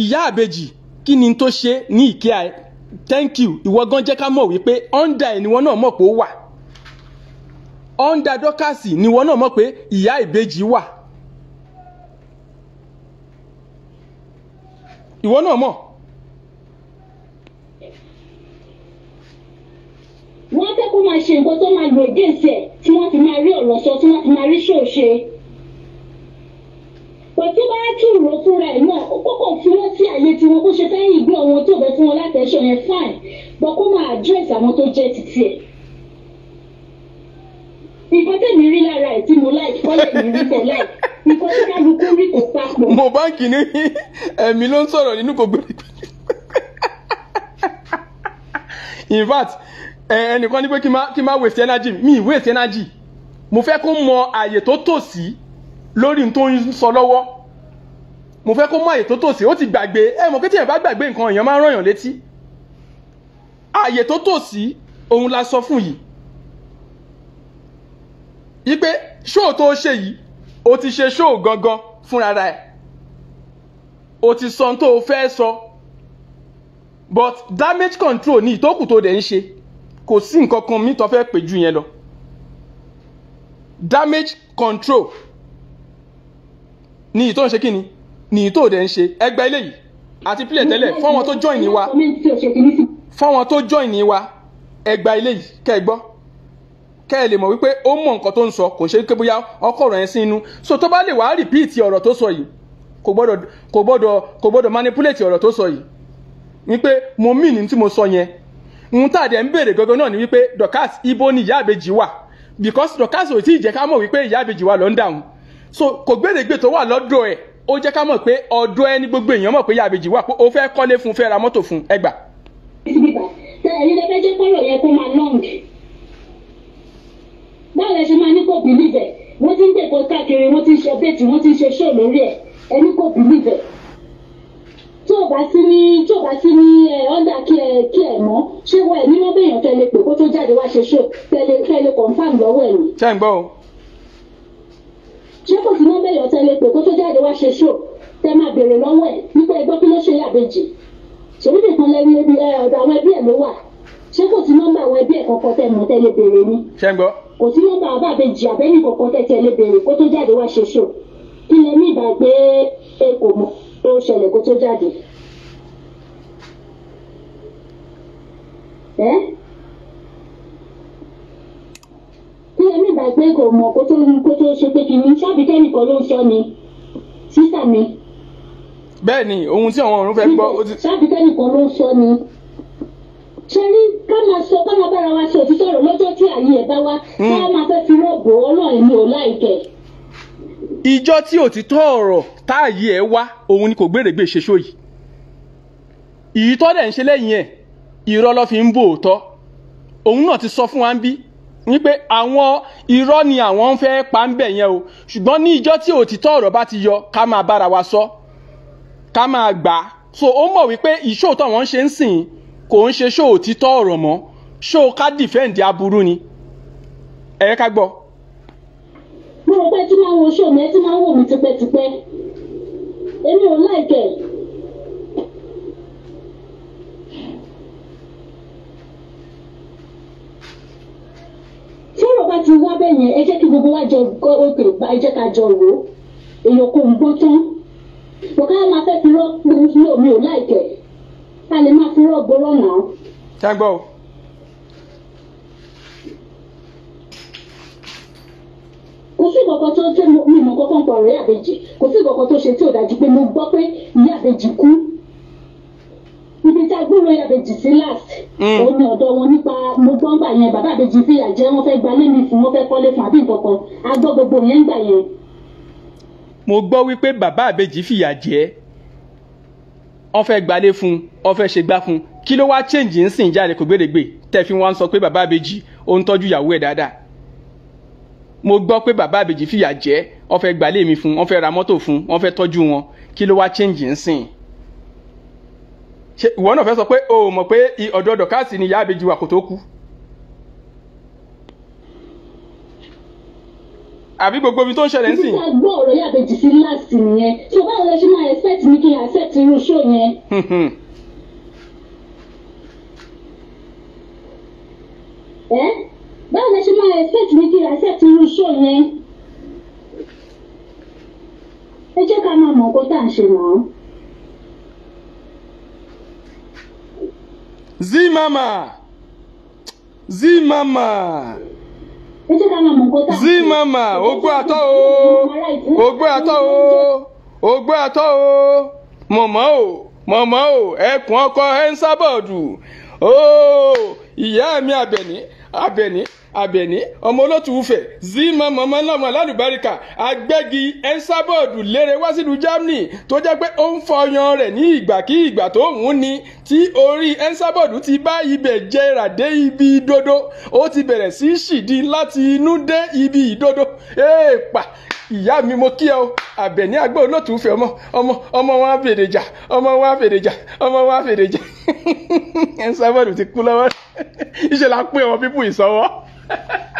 ìyá àbejì kí ni tó ṣe ní ìkíà ẹ thank you ìwọ gan jẹ́ ká mọ̀ wípé under ẹ̀ ni wọ́n náà mọ̀ pé ó wà under dọ́kàsì ni wọ́n náà mọ̀ pé ìyá ìbejì wà ìwọ náà mọ̀. wọ́n fẹ́ kó máa ṣe nǹkan tó máa gbèdé ìsẹ̀ tí wọ́n fi máa rí ọ̀rọ̀ sọ tí wọ́n fi máa rí ṣòṣe pẹ̀tí bá kí ìró fúnra ẹ̀ náà ó kọ́kọ́ fi wọ́n sí àyè tiwọn kó ṣe fẹ́yìn ìgbé ọ̀wọ́n tó bẹ̀ fún wọn látẹ̀ṣọ́ yẹn fine bọ́ kó máa àdírẹ́sì àwọn tó jẹ́ títí ẹ̀. nǹkan tẹ̀mí rí lára ẹ̀ tí mo láì kọ́lẹ̀ mi rí bẹ̀ láì nǹkan tí kálukú rí kò ní ẹ̀mí ló ń sọ̀rọ̀ nínú kò gbèrè in fact ẹnìkan ní pé kí n má waste energy mi waste energy mo fẹ́ kó mọ àyè tó tòsí lórí tó ń sọ lọ́wọ́ mo fẹ́ kó mọ àyè tó tòsí ó ti gbàgbé ẹ mọ̀ kété yẹn bá gbàgbé nǹkan èèyàn máa ń ràn yàn létí àyè tó tòsí òun la sọ fún yìí yí pé ṣóò tó ṣe yìí o ti ṣe ṣóò gangan fúnra rẹ̀ o ti sọ tó o fẹ́ sọ but damage control ní ìtókù tó dẹ̀ ń ṣe kò sí nǹkan kan mi tó fẹ́ pè jù yẹn lọ damage control ní ìtò ń ṣe kíni ní ìtò dẹ̀ ń ṣe ẹgbẹ́ ilé yìí àti pílẹ̀ tẹ́lẹ̀ fọ́wọn tó join ní wa fọ́wọn tó join ní wa ẹgbẹ́ ilé kẹ́ ẹ gbọ́. kẹ́ ẹ lè mọ̀ wípé ó mọ̀ nǹkan tó ń sọ kò ṣe pé bóyá ọkọ̀ ọ̀rọ̀ yẹn sí inú so tó bá lè wá rìpíìtì ọ̀rọ̀ tó sọ yìí kò gbọ́dọ̀ kò gbọ́dọ̀ manipulate ọ̀rọ̀ tó sọ yìí wípé mo mí ní tí mo sọ yẹn ń tàdé ń náà ni wípé ibo ni ìyá àbèjì wà because ò tí ì jẹ́ ká mọ̀ wípé ìyá àbèjì wà so kò gbèrègbè tó wà lọ́dọ̀ ẹ̀ ó jẹ́ mọ̀ pé ọ̀dọ̀ ẹni gbogbo èèyàn mọ̀ pé ìyá àbèjì wà pé ó fẹ́ kọ́lé fún báwo la ṣe máa ní kò bìlíbẹ̀ wọ́n ti ń gbẹ̀kọ́ káàkiri wọ́n ti ń ṣe update wọ́n ti ń ṣe show lórí ẹ̀ ẹni kò bìlíbẹ̀ tí ò bá sí ní tí ò bá sí ní ẹ ọ́dà kí ẹ kí ẹ mọ́ ṣé wọ́n ẹ̀ nínú bẹ́ẹ̀ yàn tẹ́lẹ̀ pé kó tó jáde wá ṣe show tẹ́lẹ̀ tẹ́lẹ̀ confam lọ́wọ́ ẹ̀ ni. ṣé ń gbọ́ o. ṣé kò sí ní bẹ́ẹ̀ yàn tẹ́lẹ̀ pé kó tó jáde wá ṣe show tẹ́ máa béèrè lọ́wọ́ ẹ̀ nípa ẹgbẹ́ kí ló ṣe yàbẹ̀jì ṣèlú nìkan lẹ́yìn ẹbí ọ̀dọ̀ àwọn ẹbí ẹ̀ ló wà ṣé kò sí nọ́mbà àwọn ẹbí ẹ̀ kankan tẹ́ mọ̀ tẹ́lẹ̀ béèrè ni. ṣé ń gbọ́. kò sí nọ́mbà àbá àbẹjì àbẹ́ni kankan tẹ́ tẹ́lẹ̀ béèrè kó tó jáde wá ṣe ṣò kí lẹ ní ìbá pé e kò mọ̀ tó ṣẹlẹ̀ kó tó jáde. ẹ́ kí lẹ ní ìbá pé kò mọ̀ kó tó kó tó ṣe pé kìíní ṣáàbì kẹ́nìkan ló ń sọ ni sísà mi. bẹ́ẹ̀ ni ohun tí àwọn ọ̀run fẹ́ gbọ́. ṣáàbì kẹ́nìkan ló ń sọ ni ṣe ní ká máa sọ ká máa bára wa ṣe òtítọ́ ọ̀rọ̀ lọ́jọ́ tí àyè ẹ̀ bá wá ká hmm. máa fẹ́ fi rọ́ọ̀bù ọlọ́run mi ò láìkẹ́. ìjọ tí òtítọ́ ọ̀rọ̀ táàyè ẹ̀ wá òun ni kò gbèrègbè ṣe ṣó yìí ìyítọ́ dẹ̀ ń ṣe lẹ́yìn ẹ̀ irọ́ ló fi ń bò òótọ́ òun náà ti sọ fún wa ń bí wípé àwọn irọ́ ni àwọn ń fẹ́ pa ń bẹ̀ yẹn o ṣùgbọ́n ní ìjọ tí òtítọ́ ọ̀rọ̀ bá ti yọ ká máa bára wa sọ ká máa gbà á so ó mọ̀ wípé ìṣòótọ́ wọn ṣe ń sìn kò ń ṣe ṣó òtítọ́ ọ̀rọ̀ mọ́ ṣó ká dìfẹ́ǹdì aburú ni ẹ̀rẹ́ ká gbọ́. mo rò pé tí máa ń wo ṣó mi ẹ ti máa ń wò mí tipẹ́tipẹ́ èmi ò láìkẹ́. tí ọ̀rọ̀ bá ti wá bẹ́ẹ̀ yẹn ẹ jẹ́ kí gbogbo wa jọ gbọ́ òkè bá ẹ jẹ́ ká jọ rò ó èèyàn kò ń gbọ́ tán bọ̀ká fẹ́ fi rọ́ mi ò láìkẹ́ ta lè máa fi rọ́ọ̀gbó lọ́nà. jágbọ́ o. kò sí ìkọ̀kọ̀ tó tó mi mọ̀ kọ́kọ́ ń pọ̀ rẹ̀ àbèjì kò sí ìkọ̀kọ̀ tó ṣe tí ò dájú pé mo gbọ́ pé ìyá àbèjì kú ibi tá a gbúrò àbèjì sí last hmm. òun ni ọ̀dọ̀ wọn nípa mo gbọ́ ngbà yẹn bàbá àbèjì fìyà jẹ wọ́n fẹ́ gbalé mi fún wọ́n fẹ́ kọ́lé fún àbí nǹkan kan a gbọ́ gbogbo yẹn ngbà yẹn. mo gbọ́ wípé bàbá àbèjì fìyà jẹ wọ́n fẹ́ gbalé fún wọ́n fẹ́ ṣe gbá fún kí ló wá change ń sìn jáde kò gbèrègbè tẹ̀fín wa ń sọ pé bàbá àbèjì ó ń tọ́jú ìyàwó ẹ̀ dáadáa mo gbọ́ pé bàbá àbèjì fìyà jẹ wọ́n fẹ́ gbalé mi fún wọ́n fẹ́ ra mọ́tò fún wọ́n fẹ́ tọ́jú wọn kí ló wá change ń sìn ìwọ náà fẹ́ sọ pé o mọ̀ pé ọ̀dọ̀ dọ̀kásì ni ìyá àbèjì wà kò tó kú àbí gbogbo ibi tó ń ṣẹlẹ̀ ń sìn. títí àgbọ̀ ọ̀rọ̀ yàbẹ̀jì sí láàsì nìyẹn tí o bá lọ ṣe máa expect mi kí n accept irú ṣó yẹn. Eh? ẹ báwo lẹ ṣe máa expect mi kí n accept irú ṣó yẹn. ẹ jẹ́ ká máa mọ̀ nǹkan tá à ń ṣe náà. Zee mama Zee mama zi mama ogbó atọ́ o ogbó atọ́ o ogbó atọ́ o mọ̀mọ́ o mọ̀mọ́ o ẹkùn ọkọ ẹ̀ ń sábọ̀dù ooo ìyá mi àbẹ̀ní àbẹ̀ní àbẹ̀ní ọmọ olótùúfẹ̀ zima mọ̀mọ́ lọ́mọ lálùbáríkà agbẹ́gi ẹ̀ńsábọ́ọ̀dù lére wá sílùú germany tó jẹ́ pé ó ń fọyan rẹ̀ ní ìgbàkíìgbà tó ń ni tí orí ẹ̀ńsábọ́ọ̀dù ti bá ibẹ̀ jẹrà dé ibi ìdodo ó ti bẹ̀rẹ̀ sí ṣìdí láti inú dé ibi ìdodo èèpà ìyá mi mo kí ẹ o àbẹ̀ní àgbà olóòtú fẹ́ ọmọ ọmọ ọmọ wọn á fèrè jà ọmọ wọn á fèrè jà ọmọ wọn á fèrè jà ẹ ń sábàdù ti kú lọ́wọ́ iṣẹ́ la pín àwọn pípù ìsọwọ́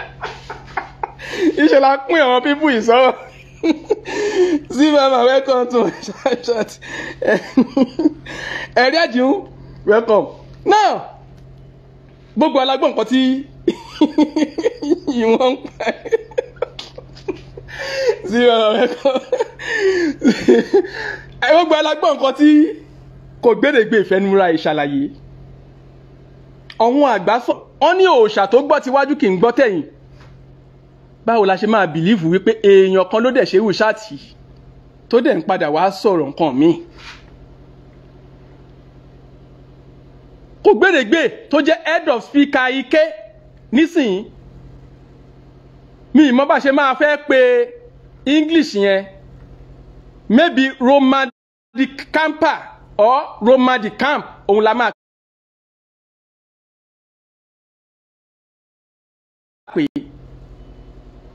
iṣẹ́ la pín àwọn pípù ìsọwọ́ zimama welcome to my chat ẹ̀rí àdìhún welcome now gbogbo alágbọ̀n nǹkan tí ìwọ̀n ń pa ẹ́ sí ọ̀rọ̀ rẹ kọ́ ẹ̀rọ gba alágbọ́n nǹkan tí kò gbédègbè ìfẹnura ìṣàlàyé ọ̀hún àgbà sọ wọ́n ní òòṣà tó gbọ́ tiwájú kì í gbọ́ tẹ̀yìn báwo la ṣe máa bìlíìfù wípé èèyàn kan ló dẹ̀ ṣe irú ṣáàtì tó dẹ̀ ń padà wá sọ̀rọ̀ nǹkan míì kò gbédègbè tó jẹ́ head of speaker ike nísìnyí mi ìmọ̀ bá ṣe máa fẹ́ pe English yẹn maybe Romadi camper or Romadi camp òun la máa pè é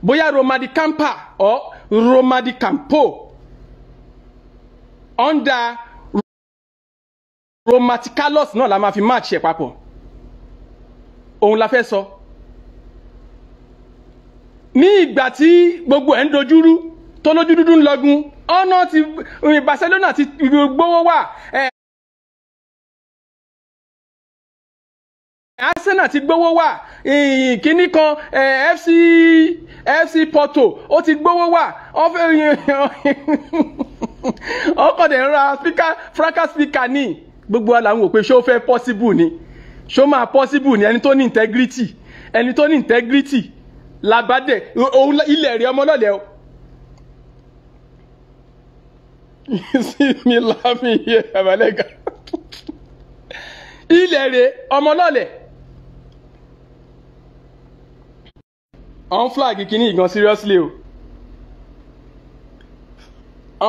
bóyá Roman camper or Romadi campo under Romanticalus náà la máa fi match ẹ̀ papọ̀ òun la fẹ́ sọ. So ní ìgbà tí gbogbo ẹ̀ ń dojúrú tó lójú dúdú ń lọgun ọ̀nà ti Barcelona ti gbowó wà. Arsenal ti gbowó wà kínní kan FC FC Porto ó ti gbowó wà ọkọ̀ dẹ̀ ń ra franca speaker ní gbogbo wa là ń wò possible ni ṣó máa possible ni ẹni tó ní integrity ẹni tó ní integrity labade òun ilẹ̀ rí ọmọ lọ́lẹ̀ o. mi láàmì iye àbálẹ́gà ilẹ̀ rí ọmọ lọ́lẹ̀. on flag kìíní gan seriously o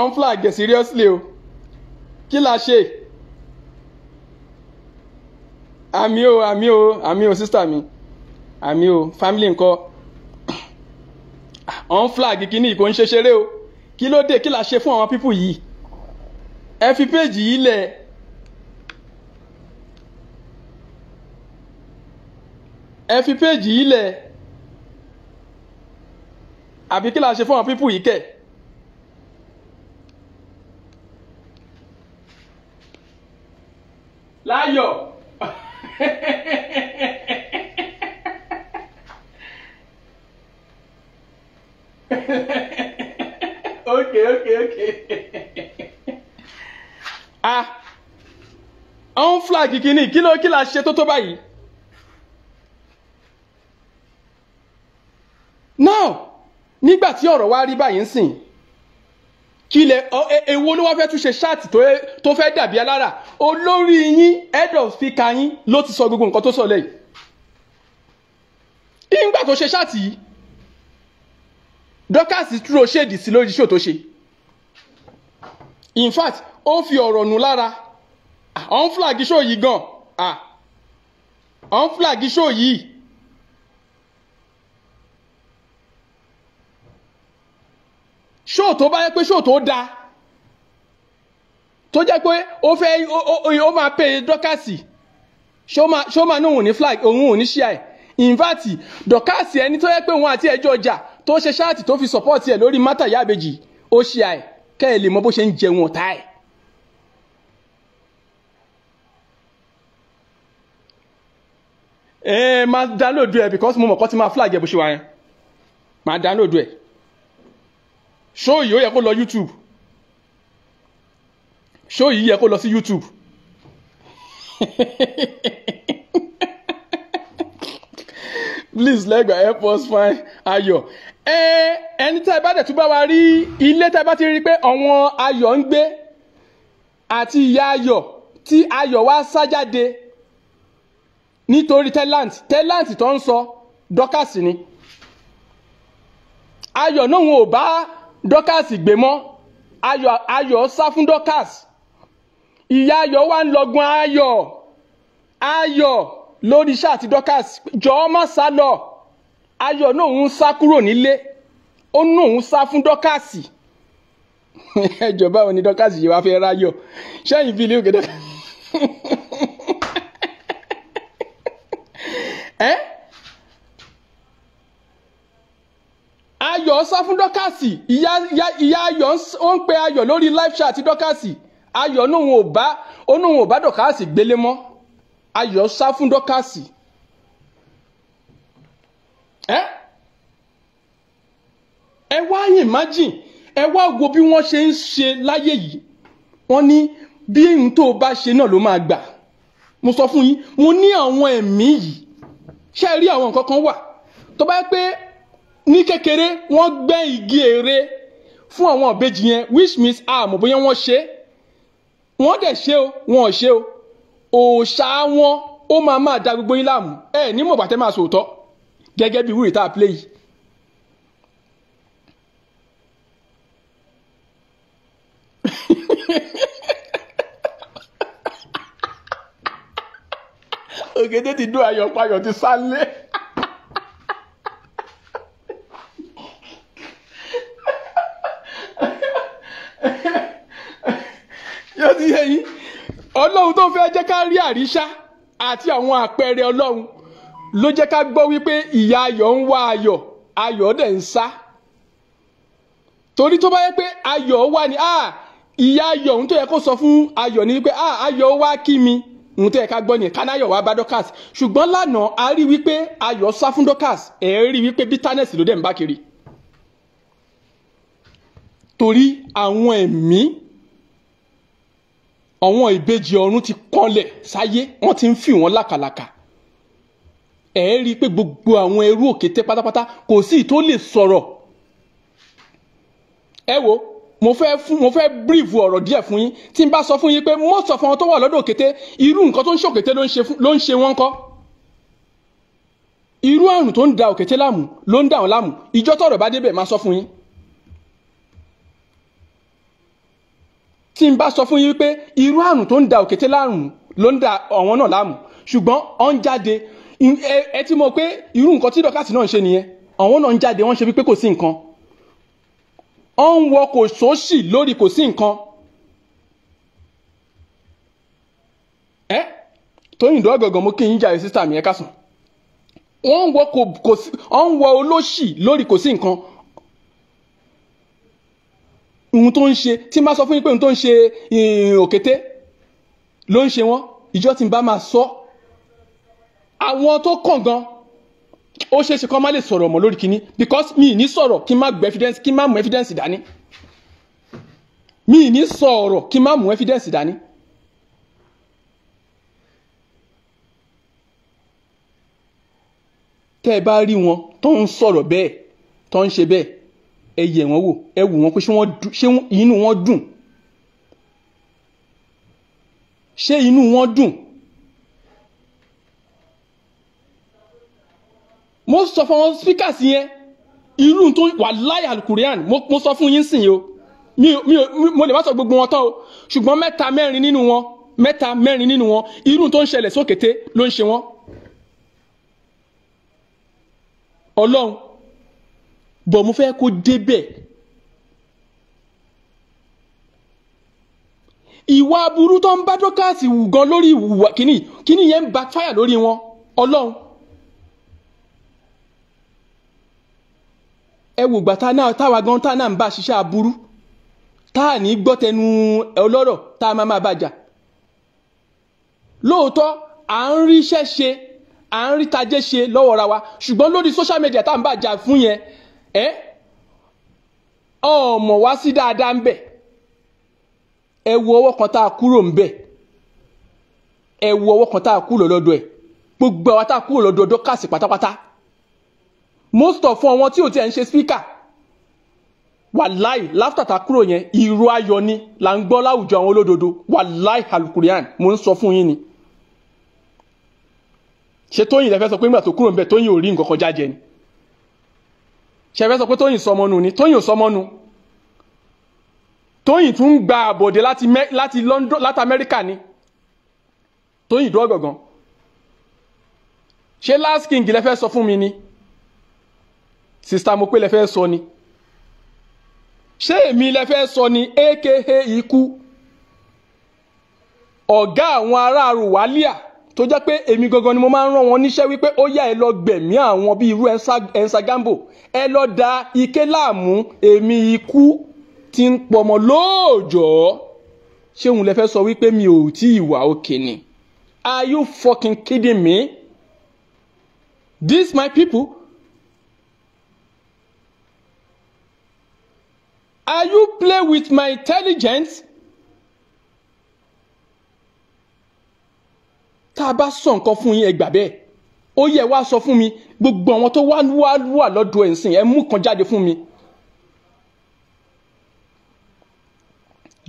on flag seriously o kí la ṣe àmì o àmì o àmì o sísítà mi àmì o family ńkọ́ ọ̀n flag kínní kò ń ṣe ṣeré o kí ló dé kí la ṣe fún àwọn pípù yìí ẹ fi péjì yìí lẹ̀ ẹ fi péjì yìí lẹ̀ àbí kí la ṣe fún àwọn pípù yìí kẹ̀. láyọ̀. flag kìíní kí ló kí la ṣe tó tó báyìí. now nígbà tí ọ̀rọ̀ wa rí báyìí ń sìn kí lẹ e, èwo ló wá fẹ́ tún ṣe ṣáàtì tó fẹ́ dàbí alára olórí yín head of speaker yín ló ti sọ gbogbo nǹkan tó sọ lẹ́yìn nígbà tó ṣe ṣáàtì yìí Dorcas dúró ṣèdí sí lórí iṣẹ́ tó ṣe in fact ó fi ọ̀rọ̀ nù lára ọ̀n flag show yìí gan ọ̀n flag show yìí. ṣóò tó bá yẹ pé ṣóò tó dáa tó jẹ́ pé ó fẹ́ ó máa pè dọ́kàsì ṣó máa ní òun ní flag òun ò ní ṣíà ẹ̀ ìnfàtì dọ́kàsì ẹni tó yẹ pé òun àti ẹjọ́ ọjà tó ṣe ṣáàtì tó fi support ẹ̀ lórí mátà yábejì ó ṣíà ẹ̀ kẹ́ ẹ̀ lè mọ bó ṣe ń jẹun ọ̀tá ẹ̀. ẹ eh, máa download ẹ because mo mọ̀ kọ́ ti máa flag ẹ bó ṣe wà yẹn máa download ẹ show yìí ó yẹ kó lọ YouTube show yìí yẹ kó lọ sí YouTube please lẹ́gbà help us fine. ayọ̀ ẹ eh, ẹni tá ẹ bá dẹ̀ tún bá wa rí ilé tá ẹ bá ti rí pé àwọn ayọ̀ ń gbé àti ìyá ayọ̀ tí ayọ̀ wá sá jáde nítorí tẹ́láǹt talent, tó ń sọ dọ́kàsì ni ayọ̀ náà wọn ò bá dọ́kàsì gbé mọ́ ayọ̀ ayọ̀ sá fún dọ́kàsì ìyá ayọ̀ wá ń lọ́gbọ́n ayọ̀ ayọ̀ lórí iṣẹ́ àti dọ́kàsì jọ̀ọ́ má sá lọ ayọ̀ náà òun sá kúrò nílé ó ní òun sá fún dọ́kàsì ẹjọ báwo ni dọ́kàsì yìí wá fẹ́ ráyọ̀ ṣẹ́yìn bíi òkè dọ́kàsì. ẹ́ ayọ̀ sá fún dọ́kàsì ìyá ìyá ayọ̀ ó ń pe ayọ̀ lórí live chat dọ́kàsì ayọ̀ onóhun ò bá onóhun ò bá dọ́kàsì gbélé mọ́ ayọ̀ sá fún dọ́kàsì ẹ́ ẹ wá imagine ẹ wá wo bí wọ́n ṣe ń ṣe láyé yìí wọ́n ní bí n tó bá ṣe náà ló máa gbà mo sọ fún yín mo ní àwọn ẹ̀mí yìí ṣe rí àwọn nǹkan kan wà tó bá yẹ pé ní kékeré wọ́n gbẹ́ igi ère fún àwọn ìbejì yẹn which means àmọ́ bóyá wọ́n ṣe wọ́n dẹ̀ ṣe o wọ́n ò ṣe o òòṣà wọn ó máa máa da gbogbo yín láàmú ẹ ní mọ̀ bàtẹ́ máa sòótọ́ gẹ́gẹ́ bí wúrì tá a play yìí. ògèdè ti dún ayọ̀ ti sálé. yóò ti yẹ yín ọlọ́run tó fẹ́ jẹ́ ká rí àríṣà àti àwọn àpẹẹrẹ ọlọ́run ló jẹ́ ká gbọ́ wípé ìyá ayọ̀ ń wá ayọ̀ ayọ̀ dẹ̀ ń sá torí tó bá yẹ pé ayọ̀ wà ní ah, ìyá ayọ̀ ń tó yẹ kó sọ fún ayọ̀ ní wípé ah, ayọ̀ wá kí mi ohun tẹ́ ẹ ká gbọ́ yẹn kánáyọ̀ wá bá Dorcas ṣùgbọ́n lánàá a rí wípé ayọ̀ sá fún Dorcas ẹ̀ rí wípé bitterness ló dẹ̀ ń bá kiri torí àwọn ẹ̀mí àwọn ìbejì ọ̀run ti kọlẹ̀ sáyé wọ́n ti ń fi wọ́n làkàlàkà ẹ̀ rí pé gbogbo àwọn ẹrú òkété pátápátá kò sí tó lè sọ̀rọ̀ ẹ wo mo fẹ́ fún mo fẹ́ brief ọ̀rọ̀ díẹ̀ fún yín tí n bá sọ fún yín pé most of wọn tó wà lọ́dọ̀ òkété irú nǹkan tó ń ṣòkété ló ń ṣe wọ́n kọ́ irú àrùn tó ń da òkété láàmú ló ń dà wọ́n láàmú ìjọ tọ̀rọ̀ bá débẹ̀ máa sọ fún yín tí n bá sọ fún yín pé irú àrùn tó ń da òkété láàmú ló ń da àwọn náà láàmú ṣùgbọ́n ọ̀n jáde ẹ ti mọ̀ pé irú nǹkan tí dọ́kàtì náà ń ṣe nìyẹn àwọn náà ń jáde wọ́n ṣe wípé kò sí nǹkan ó ń wọ kò sóṣì lórí kò sí nǹkan ẹ tóyìn dọ́ gọ̀gàn mú kí n jà sísá mi ẹ ká sùn wọ́n ń wọ kò sí ó ń olóṣì lórí kò sí nǹkan ohun tó ń ṣe tí n sọ fún yín pé ohun tó ń ṣe òkété ló ń ṣe wọ́n ìjọ tí n bá máa sọ àwọn tó kàn gan-an ó ṣeé ṣe kọ́ má lè sọ̀rọ̀ mọ́ lórí kínní because mi ní sọ̀rọ̀ kí n má gbé evidence kí n má mú evidence dání mi ní sọ̀rọ̀ kí n má mú evidence dání. tẹ́ ẹ bá rí wọn tó ń sọ̀rọ̀ bẹ́ẹ̀ tó ń ṣe bẹ́ẹ̀ ẹ yẹ̀ wọ́n wò ẹ wù wọ́n pé ṣé inú wọn dùn ṣé inú wọn dùn mo sọ fún àwọn speakers yẹn irú tó wà láyà alukurian mo sọ fún yín sìn yìí o mi ò mo lè má sọ gbogbo wọn tán o ṣùgbọ́n mẹ́ta mẹ́rin nínú wọn mẹ́ta mẹ́rin nínú wọn irú tó ń ṣẹlẹ̀ sókété ló ń ṣe wọ́n. ọlọ́run bọ̀ mo fẹ́ kó débẹ̀. ìwà aburú tó ń bá dọ́kàsì wù gan lórí ìwà kínní kínní yẹn ń backfire lórí wọn ọlọ́run ẹ gbata gbà tá náà táwa gan tá náà ń bá ṣiṣẹ́ aburú tá ní gbọ́ tẹnu ọlọ́rọ̀ tá a máa máa bàjà lóòótọ́ à ń ríṣẹ́ ṣe à ń rí tajé ṣe lọ́wọ́ ra wa ṣùgbọ́n lórí social media tá à ń bàjà fún yẹn ẹ ọmọ wá sí dáadáa ń ẹ wo ọwọ́ kan tá a kúrò ń ẹ wo ọwọ́ kan tá a kúrò lọ́dọ̀ gbogbo tá most of wọn tí ò tiẹ̀ ń ṣe speaker wàláì láftàtà kúrò yẹn ìró ayọ̀ ni là ń gbọ́ láwùjọ àwọn olódodo wàláì alukurian mo ń sọ fún yín ni ṣé tóyìn lẹ fẹ́ sọ pé nígbà tó kúrò níbẹ̀ tóyìn ò rí nǹkan kan jájẹ ni ṣe fẹ́ sọ pé tóyìn sọmọnu ni tóyìn ò sọmọnu tóyìn tún gba àbọ̀dé láti London láti Amẹ́ríkà ni tóyìn dúró gangan ṣé last king lẹ fẹ́ sọ fún mi ni sista mo pé lẹ fẹ́ sọ ni ṣé èmi lẹ fẹ́ sọ ni aka ikú ọ̀gá àwọn ará rùwálíà tó jẹ́ pé èmi gangan ni mo máa ń rán wọn níṣẹ́ wípé ó yá ẹ lọ gbẹ̀mí àwọn bíi irú ẹnsa gambo ẹ lọ da ike láàmú èmi ikú ti ń pọmọ lóòjọ́ ṣé òun lẹ fẹ́ sọ wípé mi ò tí ì wà òkè ni are you fucking kidding me these my people Are you play with my intelligence? tá a bá sọ nǹkan fún yín ẹ gbà bẹ́ẹ̀ ó yẹ wá sọ fún mi gbogbo àwọn tó wá wá wà lọ́dọ̀ ẹ̀ sìn ẹ mú kan jáde fún mi.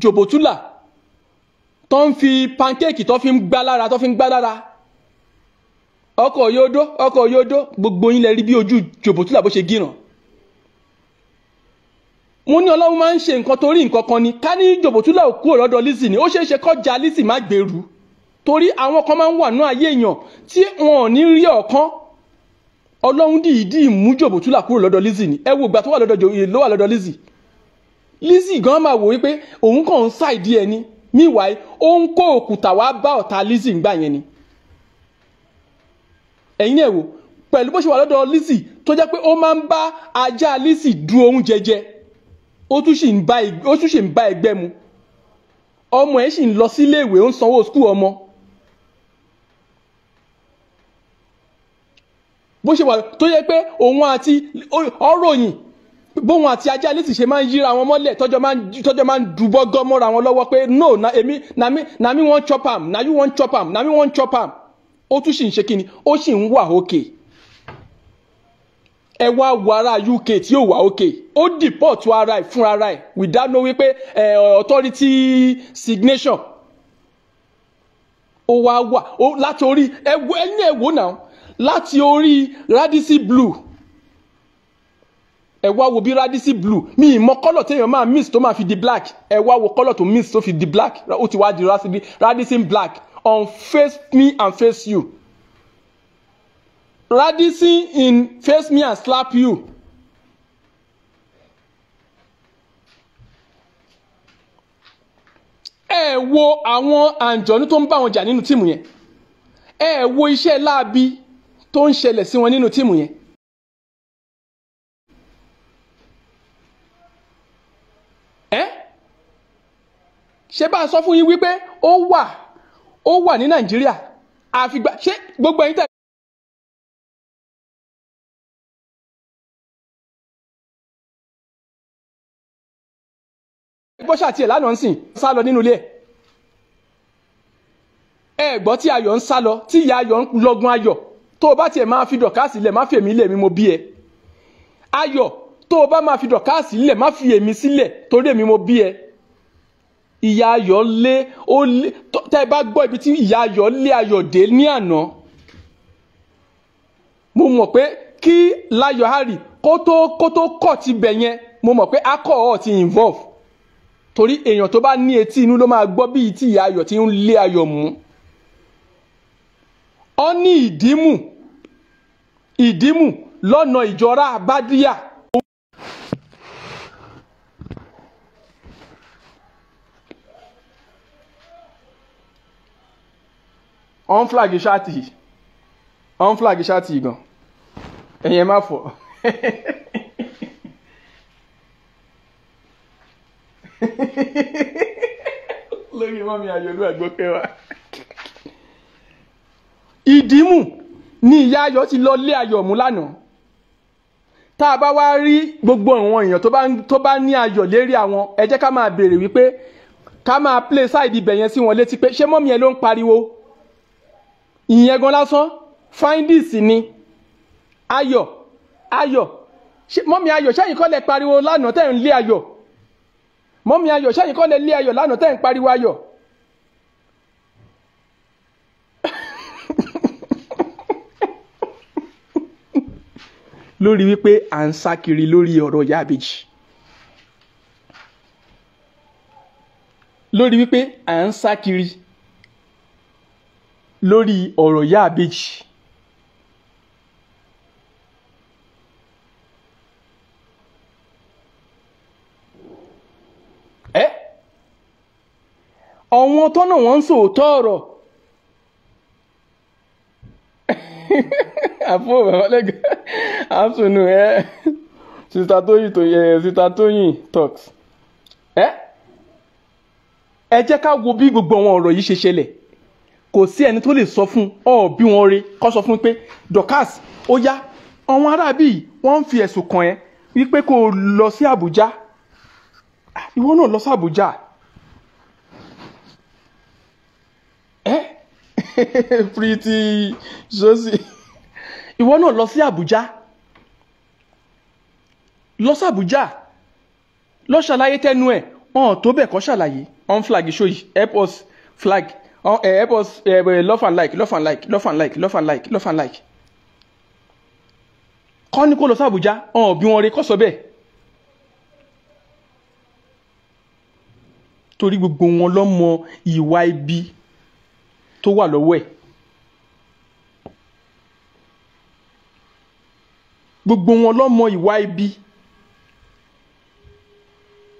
jòbótúlà tó ń fi pancake tó fi ń gbá lára tó fi ń gbá lára ọkọ̀ yóò dó ọkọ̀ yóò dó gbogbo yín lẹ rí bí ojú jòbótúlà bó ṣe gíràn mo ní ọlọ́run máa ń ṣe nǹkan torí nǹkan kan ni ká ní jòbótúlà ò kúrò lọ́dọ̀ ni ó ṣeé ṣe kọjá Lizzy má gbèrú torí àwọn kan máa ń wà ní ayé èèyàn tí wọn ò ní rí ọ̀kan ọlọ́run dìídì mú jòbótúlà kúrò lọ́dọ̀ Lizzy ni ẹ wo ìgbà tó wà lọ́dọ̀ Lizzy Lizzy gan máa wò wípé òun kàn ń ṣàìdí ẹni meanwhile ó ń kó òkúta wá bá ọ̀tá Lizzy ńgbà yẹn ni ẹ̀yin ẹ̀ wò pẹ̀lú bó ṣe wà lọ́dọ̀ Lizzy tó jẹ́ pé ó máa ń bá ajá Lizzy du oúnjẹ jẹ ó tún sì ń bá ẹgbẹ́ mu ọmọ ẹ̀ sì ń lọ síléèwé ó ń sanwó skul ọmọ bó ṣe wà tó yẹ pé òun àti ọ̀ròyìn bóun àti ajá lè sì ṣe máa ń yíra wọn mọ́lẹ̀ tọ́jọ́ máa ń dùbọ́ gọ́ wọn lọ́wọ́ pé no na èmi na mi na mi wọ́n chop am na you wọ́n chop am na mi wọ́n chop am ó tún sì ń ṣe kí ó sì ń wà òkè. Okay ẹ wá wo ará UK tí yóò wá òkè ó dìpọ̀tù ara ẹ̀ fúnra ara ẹ̀ without know wípé authority signation ó wá wà láti orí ẹ̀yìn ẹ̀wò náà láti orí Radisi blue ẹ wá wo bí Radisi blue mi ìmọ̀ kọ́lọ̀ téèyàn máa miss tó máa fi di black ẹ wá wo kọ́lọ̀ tó miss tó fi di black ó ti wá di Radisi black on face me and face you Radisson in Face Me and Slap You. ẹ eh, wo àwọn àǹjọ̀nú tó ń bá wọn jà nínú tíìmù yẹn ẹ eh, wo iṣẹ́ láabi tó ń ṣẹlẹ̀ sí wọn nínú tíìmù yẹn. ẹ ṣé bá a sọ fún yín wípé ó wà ó wà ní Nàìjíríà àfìgbà ṣé gbogbo ẹ̀yin tẹ bó ṣàtì ẹ̀ lánàá ń sìn sá lọ nínú ilé ẹ̀ ẹ̀ gbọ́ tí ayọ̀ ń sá lọ tí ìyá ayọ̀ ń lọ́gun ayọ̀ tó o bá tiẹ̀ máa fi dọ̀kásì lẹ̀ má fi èmi lẹ̀ mi mo bí ẹ ayọ̀ tó o bá máa fi dọ̀kásì lẹ̀ má fi èmi sílẹ̀ torí èmi mo bí ẹ ìyá ayọ̀ lé ó lé tẹ́ ẹ bá gbọ́ ibi tí ìyá ayọ̀ lé ayọ̀ dé ní àná mo mọ̀ pé kí láyọ̀ harry kó tó kó tó kọ̀ ti bẹ̀ yẹn mo mọ̀ pé akọ̀ ọ̀ ti involve torí èèyàn tó bá ní etí inú ló máa gbọ́ bí tí ìyá ayọ̀ ti ń lé ayọ̀ mú ọ ní ìdímù ìdímù lọ́nà ìjọra àbádíyà. on flag ṣáàtì on flag ṣáàtì gan ẹ̀yẹ̀ má fọ̀. lórí mọ́mí ayọ̀lú àgbọ̀kẹ́ wa. ìdìmú ni ìyá ayọ̀ ti lọ lé ayọ̀ mú lánàá tá a bá wá rí gbogbo àwọn èèyàn tó bá ní ayọ̀ lérí àwọn ẹ jẹ́ ká máa béèrè wípé ká máa play side ibẹ̀ yẹn sí wọn létí pé ṣé mọ́mí ẹ ló ń pariwo ìyẹn gan lásán findis ni ayọ̀ ayọ̀ mọ́mí ayọ̀ ṣẹ́yìn kọ́ lẹ pariwo lánàá tẹ̀ ń lé ayọ̀ mọ́mí ayọ̀ sẹ́yìn kọ́ lè lé ayọ̀ lánàá tẹ́ ń pariwo ayọ̀. lórí wípé à ń sá kiri lórí ọ̀rọ̀ ìyá àbèjì lórí wípé à ń sá kiri lórí ọ̀rọ̀ ìyá àwọn tọ́nà wọn ń sòótọ́ ọ̀rọ̀ àfọ bàbá lẹ́gàn àsùnù ẹ sista tóyìn tó yẹ sista tóyìn talks ẹ ẹ jẹ́ ká wo bí gbogbo àwọn ọ̀rọ̀ yìí ṣe ṣẹlẹ̀ kò sí ẹni tó lè sọ fún ọ bí wọn rí kó sọ fún pé Dorkas ó yá àwọn aráàbí wọn ń fi ẹ̀sùn kàn ẹ́ wípé kó lọ sí Àbújá ìwọ náà lọ sí Àbújá. Pretty Josie ìwọ náà lọ sí Àbújá lọ sí Àbújá lọ ṣàlàyé tẹnu ẹ̀ ọ̀n tó bẹ́ẹ̀ kọ́ ṣàlàyé on flag show yìí help us flag uh, help us uh, love and like love and like love and like love and like love and like kọ́ ní kó lọ sí Àbújá ọ̀n bí wọn rí kọ́ sọ bẹ́ẹ̀. torí gbogbo wọn ló mọ ìwà ibi tó wà lọ́wọ́ ẹ̀ gbogbo wọn lọ́mọ ìwà ibi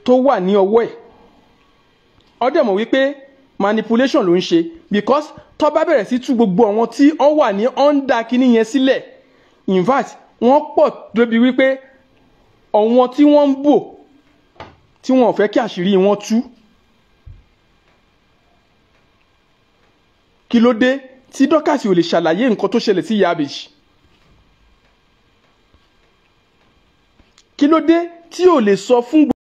tó wà ní ọwọ́ ẹ̀ ọdẹ mọ̀ wípé manipulation ló ń ṣe because tó bá bẹ̀rẹ̀ sí tú gbogbo àwọn tí wọ́n wà ní under kínní yẹn sílẹ̀ in fact wọ́n pọ̀ débi wípé àwọn tí wọ́n ń bò tí wọ́n ò fẹ́ kí àṣírí wọn tú kí ló dé tí dọ́kàsì ò lè ṣàlàyé nǹkan tó ṣẹlẹ̀ sí yabeji kí ló dé tí ò lè sọ fún.